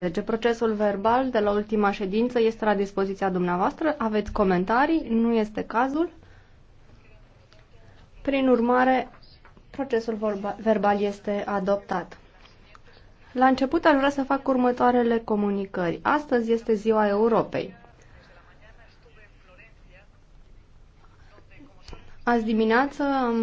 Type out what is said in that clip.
Deci procesul verbal de la ultima ședință este la dispoziția dumneavoastră. Aveți comentarii? Nu este cazul. Prin urmare, procesul verbal este adoptat. La început aș vrea să fac următoarele comunicări. Astăzi este ziua Europei. Azi dimineață am